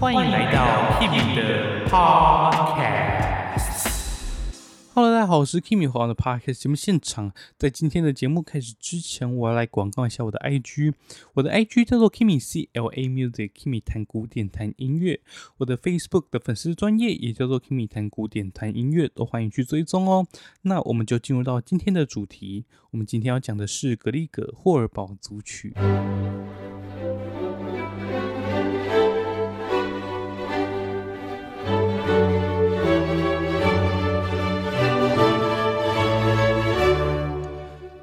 歡迎來到 Kimi 的 Podcast。Hello，大家好，我是 Kimi，歡迎來到 Podcast 節目現場。在今天的節目開始之前，我要來廣告一下我的 IG，我的 IG 叫做 Kimi CLA Music，Kimi 彈古典彈音樂。我的 Facebook 的粉絲專業也叫做 Kimi 彈古典彈音樂，都歡迎去追蹤哦。那我們就進入到今天的主題，我們今天要講的是葛利格霍爾堡組曲。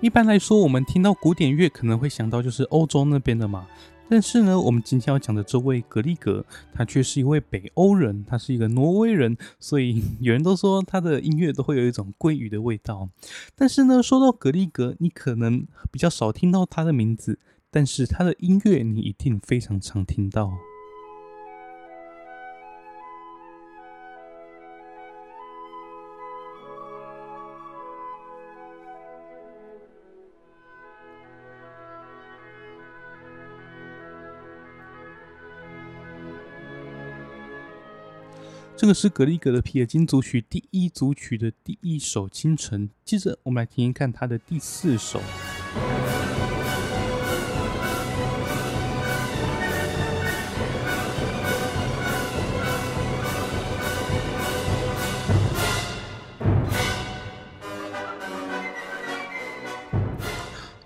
一般來說，我們聽到古典樂可能會想到就是歐洲那邊的嘛。但是呢，我們今天要講的這位葛利格，他卻是一位北歐人，他是一個挪威人，所以有人都說他的音樂都會有一種鮭魚的味道。但是呢，說到葛利格，你可能比較少聽到他的名字，但是他的音樂你一定非常常聽到。這個是葛利格的《皮爾金組曲》第一組曲的第一首《清晨》。接着，我們來聽聽看他的第四首。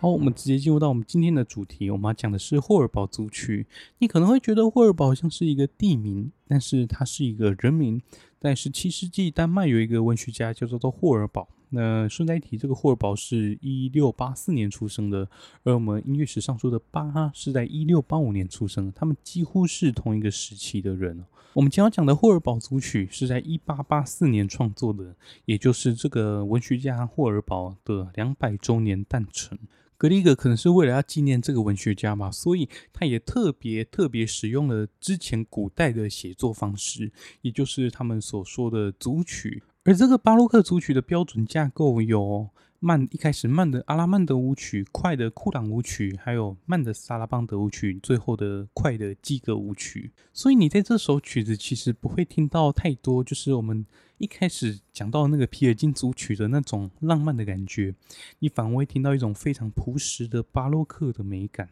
好，我們直接進入到我們今天的主題。我們要講的是霍爾堡組曲。你可能會覺得霍爾堡像是一個地名，但是它是一個人名。在十七世紀，丹麥有一個文學家叫做霍爾堡。那順帶一提，這個霍爾堡是一六八四年出生的，而我們音樂史上說的巴哈是在一六八五年出生的，他們幾乎是同一個時期的人。我們今天要講的霍爾堡組曲是在一八八四年創作的，也就是這個文學家霍爾堡的兩百周年誕辰。葛利格可能是為了要紀念這個文學家嘛，所以他也特別特別使用了之前古代的寫作方式，也就是他們所說的組曲。而這個巴洛克組曲的標準架構有慢，一開始慢的阿拉曼德舞曲、快的庫朗舞曲，還有慢的薩拉邦德舞曲，最後的快的基格舞曲。所以你在這首曲子其實不會聽到太多，就是我們。一開始講到那個《皮爾金組曲》的那種浪漫的感覺，你反而會聽到一種非常樸實的巴洛克的美感。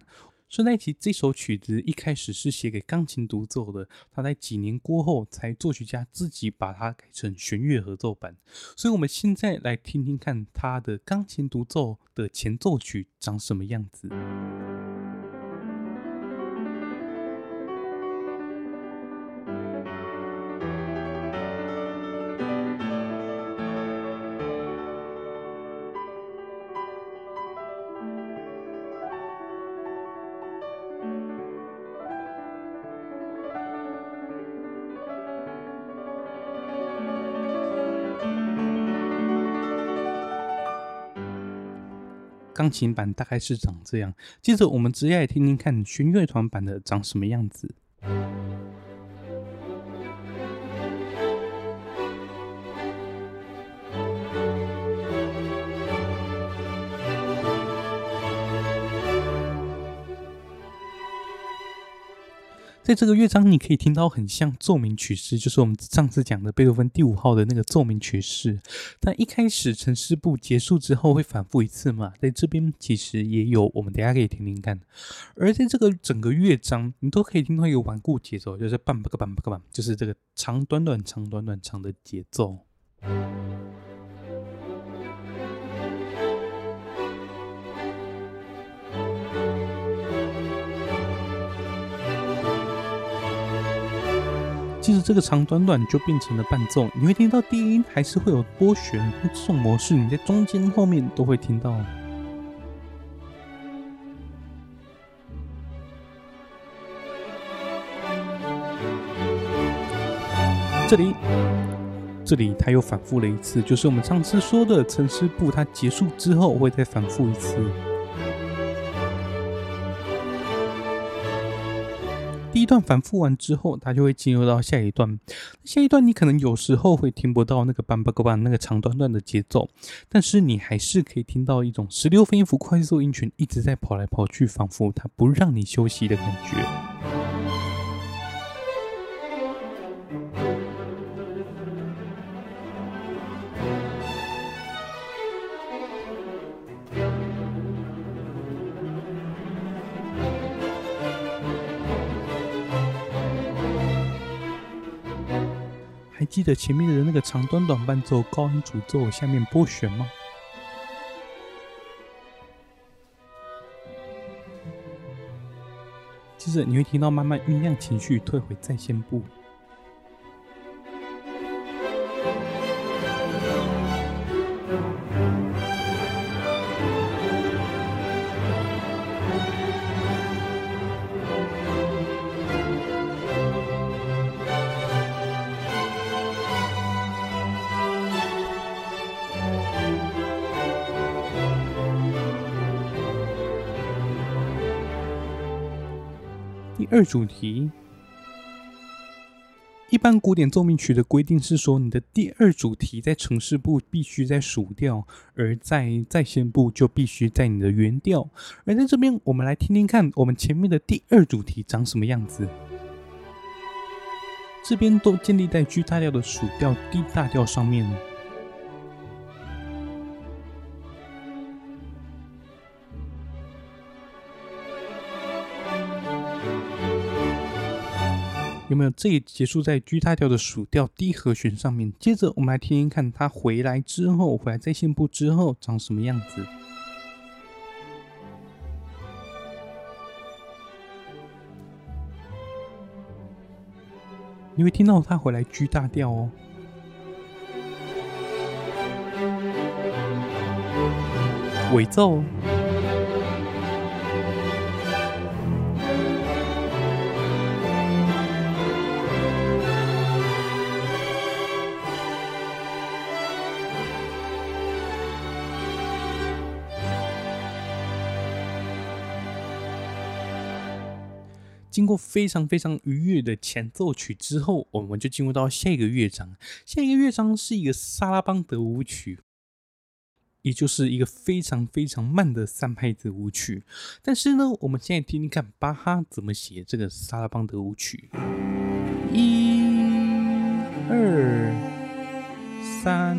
順帶一提，這首曲子一開始是寫給鋼琴獨奏的，他在幾年過後才作曲家自己把它改成弦樂合奏版。所以，我們現在來聽聽看他的鋼琴獨奏的前奏曲長什麼樣子。鋼琴版大概是長這樣，接着我們直接來聽聽看弦樂團版的長什麼樣子。在這個樂章，你可以聽到很像奏鳴曲式，就是我們上次講的貝多芬第五號的那個奏鳴曲式。但一開始呈示部結束之後會反復一次嘛，在這邊其實也有，我們等下可以聽聽看。而在這個整個樂章，你都可以聽到一個頑固節奏，就是半八個半八個半，am, 就是這個長短短長短短長的節奏。就是這個長短短就變成了伴奏，你會聽到低音還是會有多旋。這種模式你在中間後面都會聽到。這裡，這裡它又反覆了一次，就是我們上次說的呈示部，它結束之後會再反覆一次。第一段反復完之後，它就會進入到下一段。下一段你可能有時候會聽不到那個邦邦邦邦那個長短短的節奏，但是你還是可以聽到一種十六分音符快速音群一直在跑來跑去，仿佛它不讓你休息的感覺。記得前面的那個長、短、短伴奏，高音主奏下面撥弦嗎？接着你會聽到慢慢醞釀情緒，退回再現部。主題，一般古典奏鳴曲的規定是說，你的第二主題在呈示部必須在屬調，而在再現部就必須在你的原調。而在這邊，我們來聽聽看我們前面的第二主題長什麼樣子。這邊都建立在 G 大調的屬調 D 大調上面。有沒有？這裡結束在 G 大調的屬調 D 和弦上面。接着，我們來聽聽看他回來之後，回來再現部之後長什麼樣子。你會聽到他回來 G 大調哦，尾奏。經過非常非常愉悅的前奏曲之後，我們就進入到下一個樂章。下一個樂章是一個薩拉邦德舞曲，也就是一個非常非常慢的三拍子舞曲。但是呢，我們現在聽聽看巴哈怎麼寫這個薩拉邦德舞曲。一、二、三、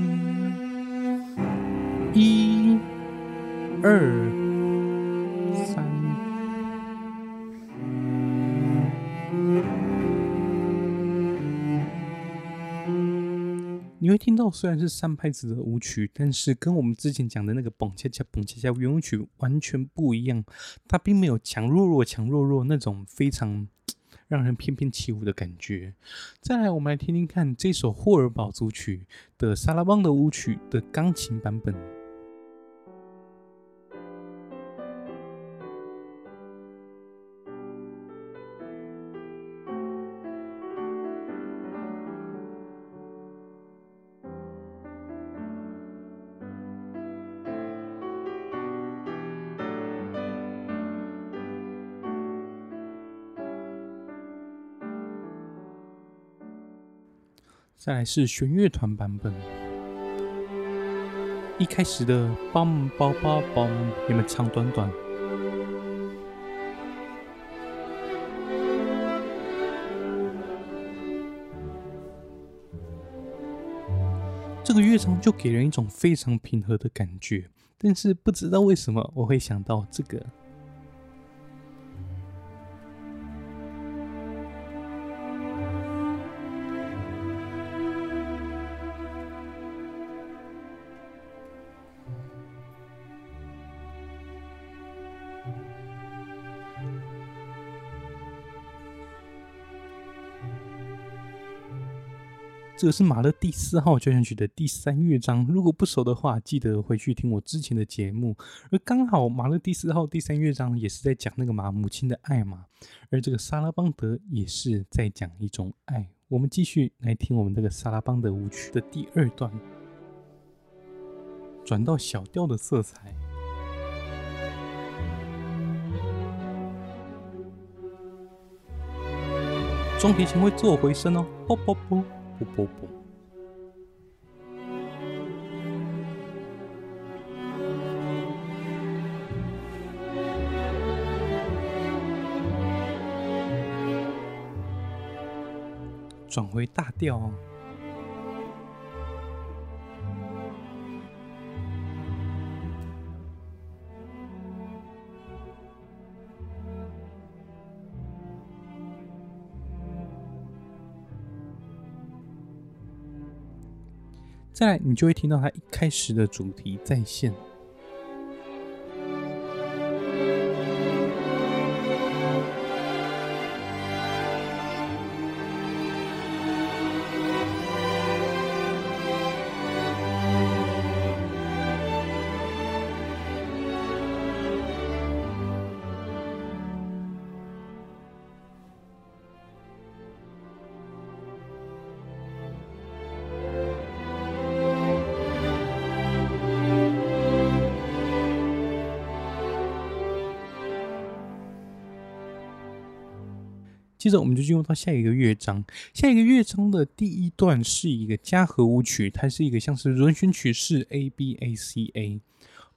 一、二。你會聽到，雖然是三拍子的舞曲，但是跟我們之前講的那個蹦恰恰、蹦恰恰圓舞曲完全不一樣。它並沒有強弱弱、強弱弱那種非常讓人翩翩起舞的感覺。再來，我們來聽聽看這首霍爾堡組曲的薩拉邦德舞曲的鋼琴版本。再來是弦樂團版本，一開始的 “bang bang bang bang”，你們長短短，這個樂章就給人一種非常平和的感覺。但是不知道為什麼，我會想到這個。這個是馬勒第四號交響曲的第三樂章，如果不熟的話，記得回去聽我之前的節目。而剛好馬勒第四號第三樂章也是在講那個馬母親的愛嘛，而這個薩拉邦德也是在講一種愛。我們繼續來聽我們這個薩拉邦德舞曲的第二段，轉到小調的色彩，中提琴會做回聲哦，啵啵啵。轉回大調哦。再來，你就會聽到他一開始的主題再現。接着我們就進入到下一個樂章。下一個樂章的第一段是一個嘉禾舞曲，它是一個像是輪旋曲式 A B A C A，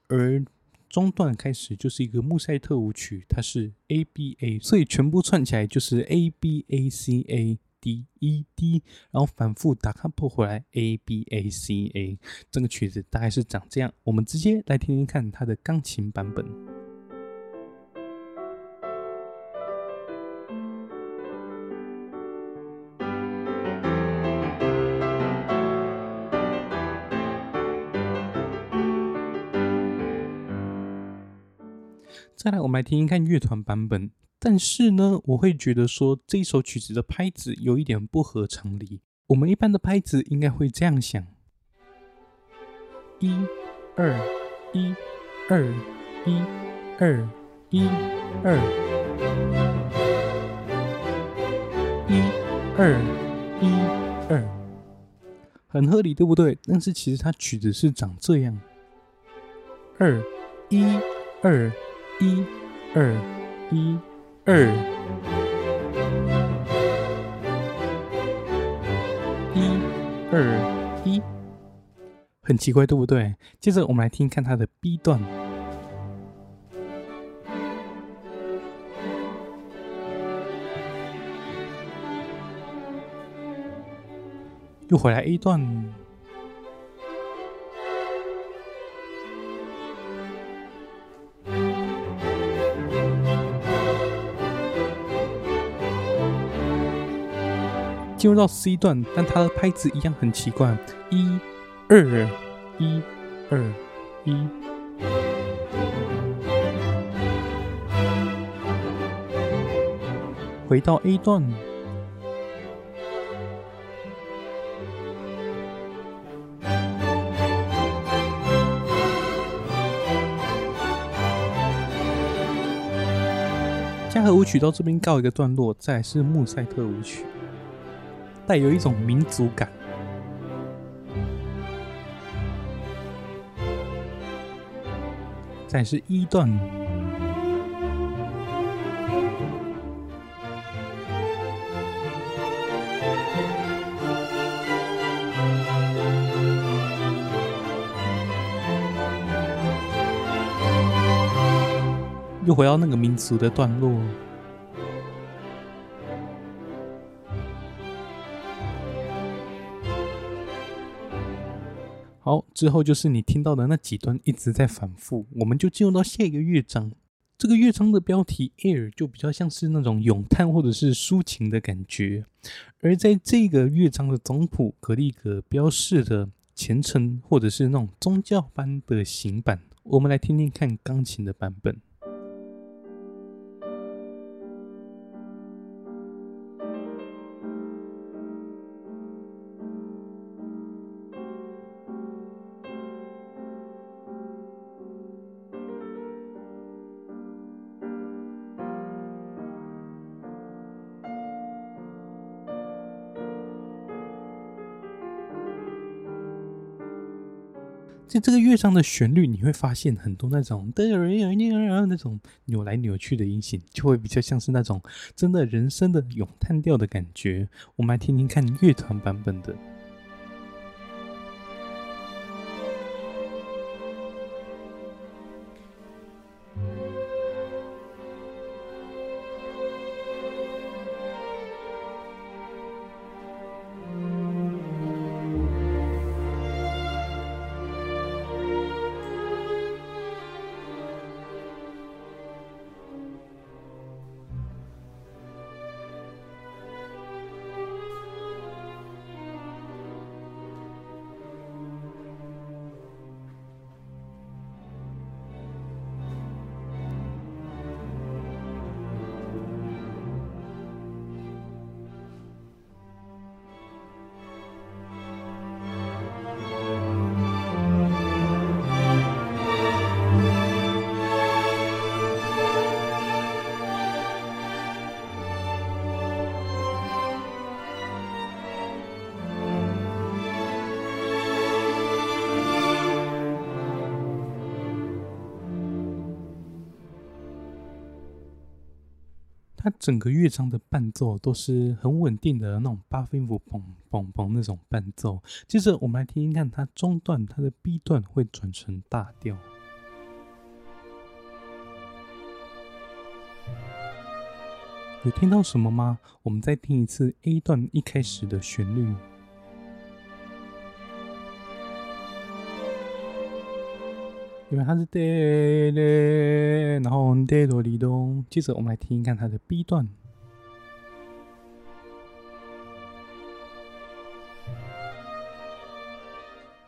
而中段開始就是一個穆塞特舞曲，它是 A B A，所以全部串起來就是 A B A C A D E D，然後反復 Da Capo 回來 A B A C A。整個曲子大概是長這樣，我們直接來聽聽看它的鋼琴版本。接下來我們來聽聽看樂團版本，但是呢，我會覺得說這首曲子的拍子有一點不合常理。我們一般的拍子應該會這樣想，一二一二一二一二一二一二一二，很合理，對不對？但是其實它曲子是長這樣，二一二。一二一,一,一，二，一，二，一，二，一，很奇怪，對不對？接着我們來聽，聽看它的 B 段，又回來 A 段。進入到 C 段，但它的拍子一樣很奇怪，一、二、一、二、一。回到 A 段，嘉禾舞曲到這邊告一個段落，再來是穆塞特舞曲。帶有一種民族感，再是一段，又回到那個民族的段落。之後就是你聽到的那幾段一直在反覆，我們就進入到下一個樂章。這個樂章的標題 Air 就比較像是那種詠嘆或者是抒情的感覺，而在這個樂章的總譜格里格標示的虔誠或者是那種宗教般的行板，我們來聽聽看鋼琴的版本。在這個樂章的旋律，你會發現很多那種 dearly 那種扭來扭去的音型，就會比較像是那種真的人聲的詠嘆調的感覺。我們來聽聽看樂團版本的。它整個樂章的伴奏都是很穩定的那種八分音符嘣嘣嘣，那種伴奏。接着我們來聽聽看，它中段它的 B 段會轉成大調，有聽到什麼嗎？我們再聽一次 A 段一開始的旋律。因為它是 D 嘞，然後 D 哆利哆，接着我們來聽一看它的 B 段，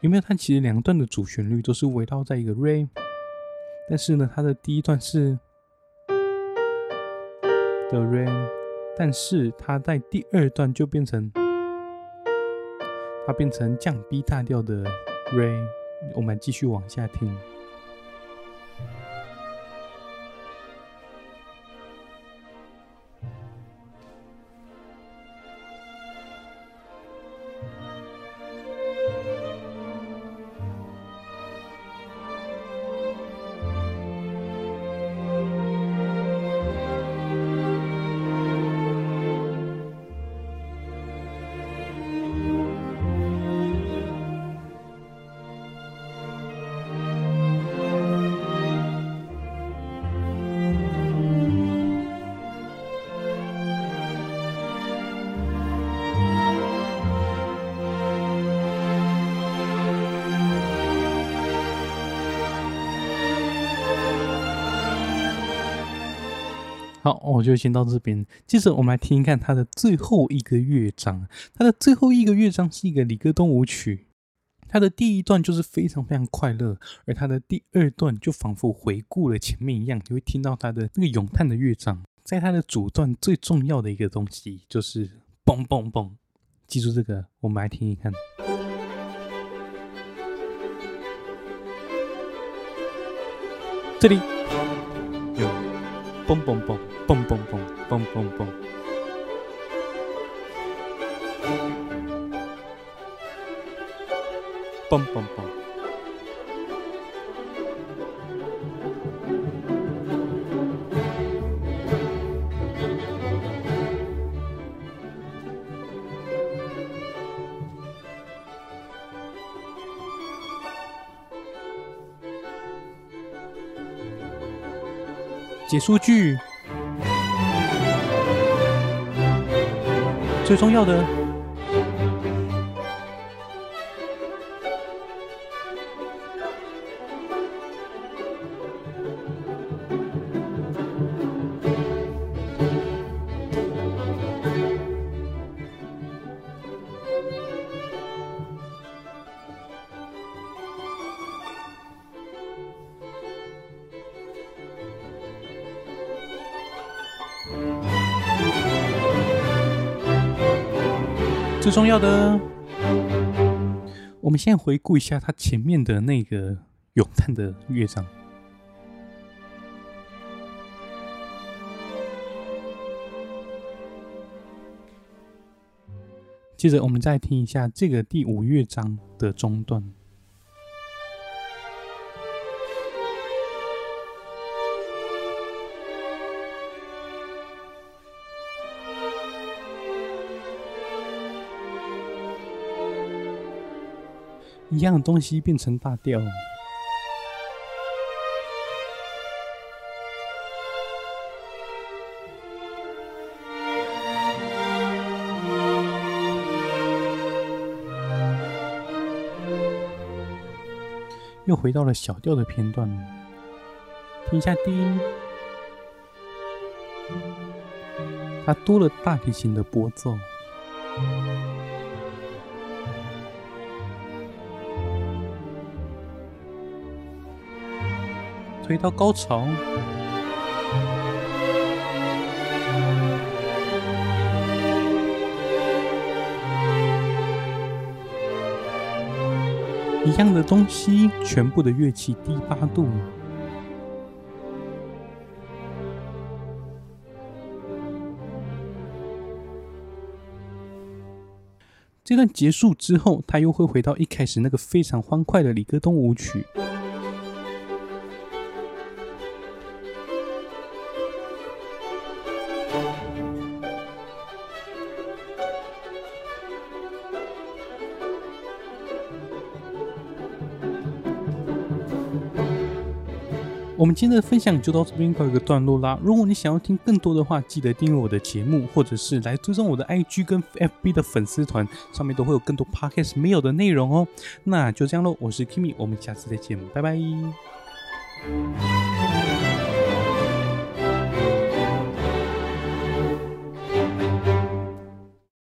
有沒有？它其實兩段的主旋律都是圍繞在一個 Re，但是呢，它的第一段是的 Re，但是它在第二段就變成它變成降 B 大調的 Re，我們繼續往下聽。好，我、oh, 就先到這邊。接着，我們來聽一看他的最後一個樂章。他的最後一個樂章是一個里戈東舞曲。他的第一段就是非常非常快樂，而他的第二段就仿佛回顧了前面一樣，你會聽到他的那個詠嘆的樂章。在他的主段最重要的一個東西就是嘣嘣嘣，記住這個，我們來聽一看。這裡有嘣嘣嘣。嘣嘣嘣嘣嘣嘣嘣嘣嘣結束句。最重要的。最重要的，我們先回顧一下他前面的那個詠嘆的樂章，接着我們再聽一下這個第五樂章的中段。一樣東西變成大調，又回到了小調的片段。聽一下低音，它多了大提琴的撥奏。回到高潮，一樣的東西，全部的樂器低八度。這段結束之後，他又會回到一開始那個非常歡快的里格東舞曲。我們今天的分享就到這邊告一個段落啦。如果你想要聽更多的話，記得訂閱我的節目，或者是來追蹤我的 IG 跟 FB 的粉絲團，上面都會有更多 Podcast 沒有的內容哦、喔。那就這樣嘍，我是 Kimi, 我們下次再見，拜拜。